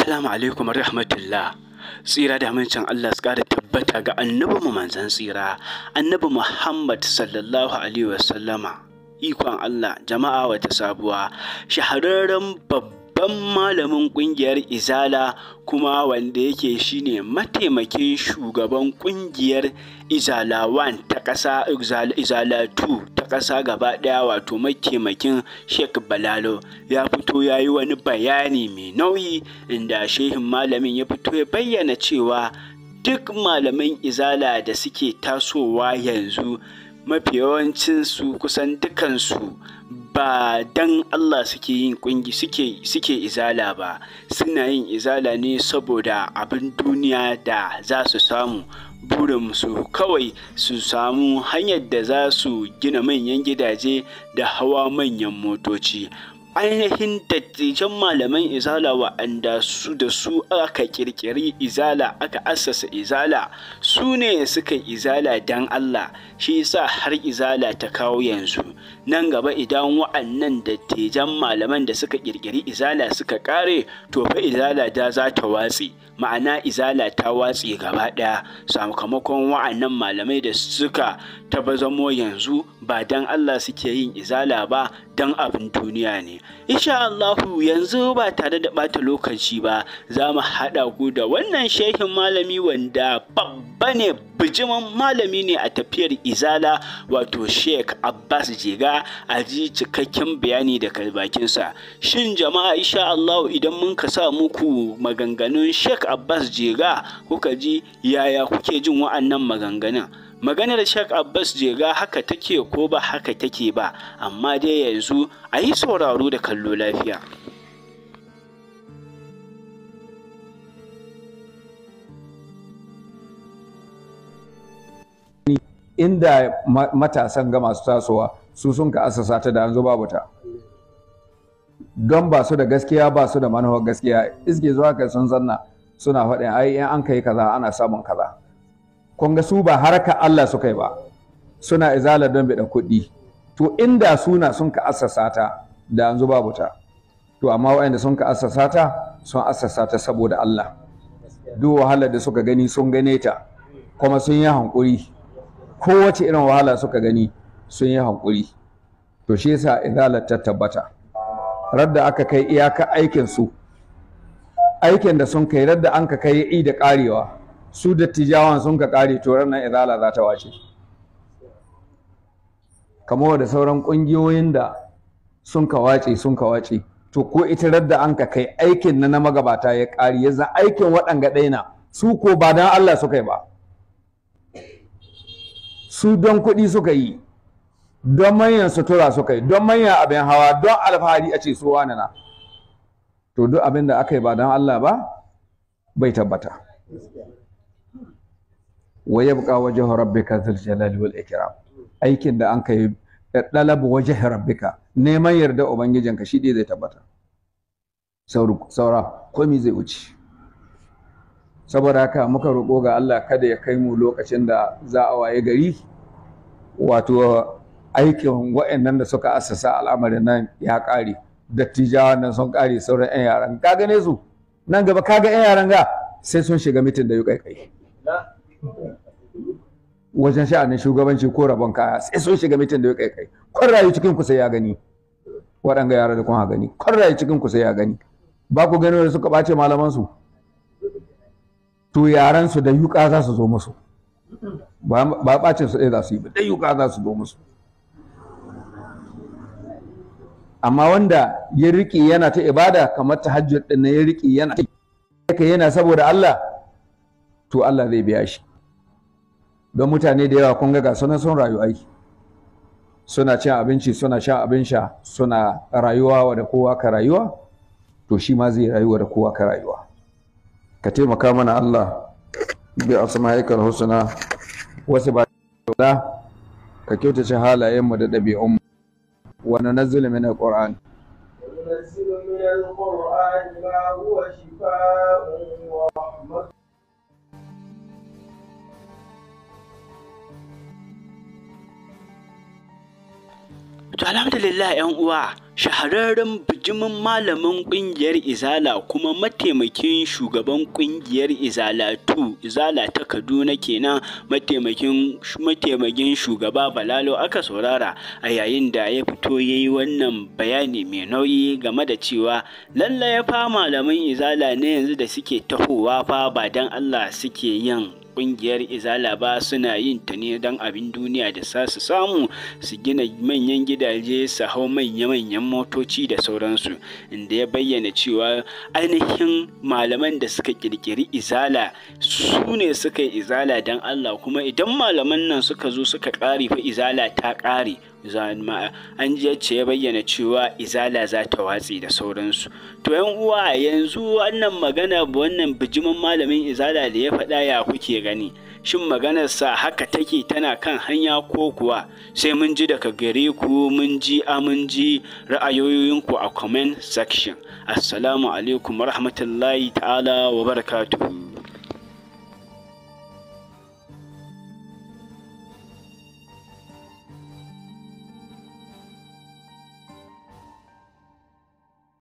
Assalamu alaikum rahmatullah. Tsira da amincin Allah su ƙara tabbata ga annabi mu manzan tsira, annabi Muhammad sallallahu alaihi wasallama. Ikon Allah jama'a wata sabuwa, shahararren babban malamin ƙungiyar Izala kuma wanda yake shine mataimakin shugaban ƙungiyar Izala 1 ta ƙasa Izala 2 ƙasa gaba ɗaya wato makemakin sheikh balalo ya fito ya yi wani bayani mai nauyi inda shehin malamin ya fito ya bayyana cewa duk malaman izala da suke tasowa yanzu mafi yawancinsu kusan dukansu ba dan Allah suke yin kungi suke izala ba suna yin izala ne saboda abin duniya da za su samu burin su kawai su samu hanyar da za su gina manyan gidaje da hawa manyan motoci ainihin dattijan malaman izala wa'anda su da su aka kirkiri izala aka assasa izala su ne suka izala dan Allah shi yasa har izala ta kawo yanzu nan gaba idan wa'annan dattijan malaman da suka kirkiri izala suka kare to fa izala da za ta watse ma'ana izala ta watse gaba ɗaya sakamakon wa'annan malamai da suka ta zamo yanzu ba dan Allah suke yin izala ba dan abin duniya ne Insha Allahu yanzu ba tare da ɓata lokaci ba za mu haɗa ku da wannan shehin malami wanda babba ne bijiman malami ne a tafiyar izala wato Sheikh abbas jega a ji cikakken bayani daga bakinsa shin jama'a insha allahu idan mun ka sa muku maganganun Sheikh abbas jega kuka ji yaya kuke jin wa'annan maganganun maganar shak abbas jega haka take ko ba haka take ba amma dai yanzu a yi sauraro da kallo lafiya inda matasan ga masu tasowa su sun ka asasa ta da yanzu babu ta don ba su da gaskiya ba su da manufar gaskiya iske zuwa kai sun zanna suna faɗin ai in an kai kaza ana samun kaza kun ga su ba haraka Allah suka yi ba suna izala don biɗa kuɗi to inda suna sun ka assasa ta da yanzu babu ta to amma waɗanda sun ka assasa ta sun assasa ta saboda Allah duk wahala da suka gani sun gane ta kuma sun yi hankuri kowace irin wahala suka gani sun yi hankuri to shi yasa izalar ta tabbata radda aka kai iyaka aikin su aikin da sun kai radda an ka kai i da karewa su dattijawan sun ka kare turar nan izala za ta wace kamar da sauran ƙungiyoyin da sun ka wace sun ka wace to ko ita radda an ka kai aikin na na magabata ya ƙari ya za aikin waɗanga ɗaina su ko ba don Allah suka yi ba su don kuɗi suka yi don manyan sutura suka yi don manyan abin hawa don alfahari a ce su wani to duk abin da aka yi ba don Allah ba bai tabbata wa yabqa wajhu rabbika dhul jalali wal ikram aikin da an kai dalab wajhi rabbika neman yarda ubangijinka shi dai zai tabbata saura komi zai wuce saboda haka muka roƙo ga Allah kada ya kai mu lokacin da za a waye gari wato aikin wa'annan da suka assasa al'amarin nan ya ƙare dattijawa nan sun ƙare sauran 'yan yaran ka gane nan gaba kaga ga 'yan yaran ga sai sun shiga mitin da yi kai wajen sha'anin shugabanci ko rabon kaya sai sun shiga mitin da ya kai kai kwan rayu cikin ku sai ya gani waɗanga yara da kun ha gani kwan rayu cikin ku sai ya gani ba ku gani wanda suka ɓace malaman su to yaran su da yuka za su zo musu ba ɓacin su ɗaya za su yi ba da yuka za su zo musu amma wanda ya riƙe yana ta ibada kamar ta hajjar ɗin ya riƙe yana ta yana saboda Allah to Allah zai biya shi don mutane da yawa kun ga sunan sun rayu aiki suna cin abinci suna sha abin sha suna rayuwa da kowa ka rayuwa to shi ma zai rayuwa da kowa ka rayuwa ka taimaka mana Allah bi asma'ikal husna wasu ba da ka kyautace halayen mu da ɗabi'un mu wa nunazzilu min alquran nunazzilu min alquran ma huwa shifaa'un wa rahmatun Alhamdulillah 'yan uwa, shahararren bijimin malamin ƙungiyar Izala kuma mataimakin shugaban ƙungiyar Izala 2, Izala ta Kaduna kenan mataimakin mataimakin shugaba Balalo aka saurara a yayin da ya fito ya yi wannan bayani mai nauyi game da cewa lallai fa malaman Izala ne yanzu da suke tahowa fa ba don Allah suke yin ƙungiyar izala ba suna yin ta ne don abin duniya da sa su samu su gina manyan gidaje su hau manya-manyan motoci da sauransu inda ya bayyana cewa ainihin malaman da suka ƙirƙiri izala su ne suka yi izala don Allah kuma idan malaman nan suka zo suka kare fa izala ta ƙare an yace ya bayyana cewa izala za ta watsi da sauransu to yan uwa yanzu wannan magana wannan bijiman malamin izala da ya faɗa ya kuke gani shin maganarsa haka take tana kan hanya ko kuwa sai mun ji daga gare ku mun ji amun ji ra'ayoyinku a comment section assalamu alaikum rahmatullahi ta'ala wa barakatuhu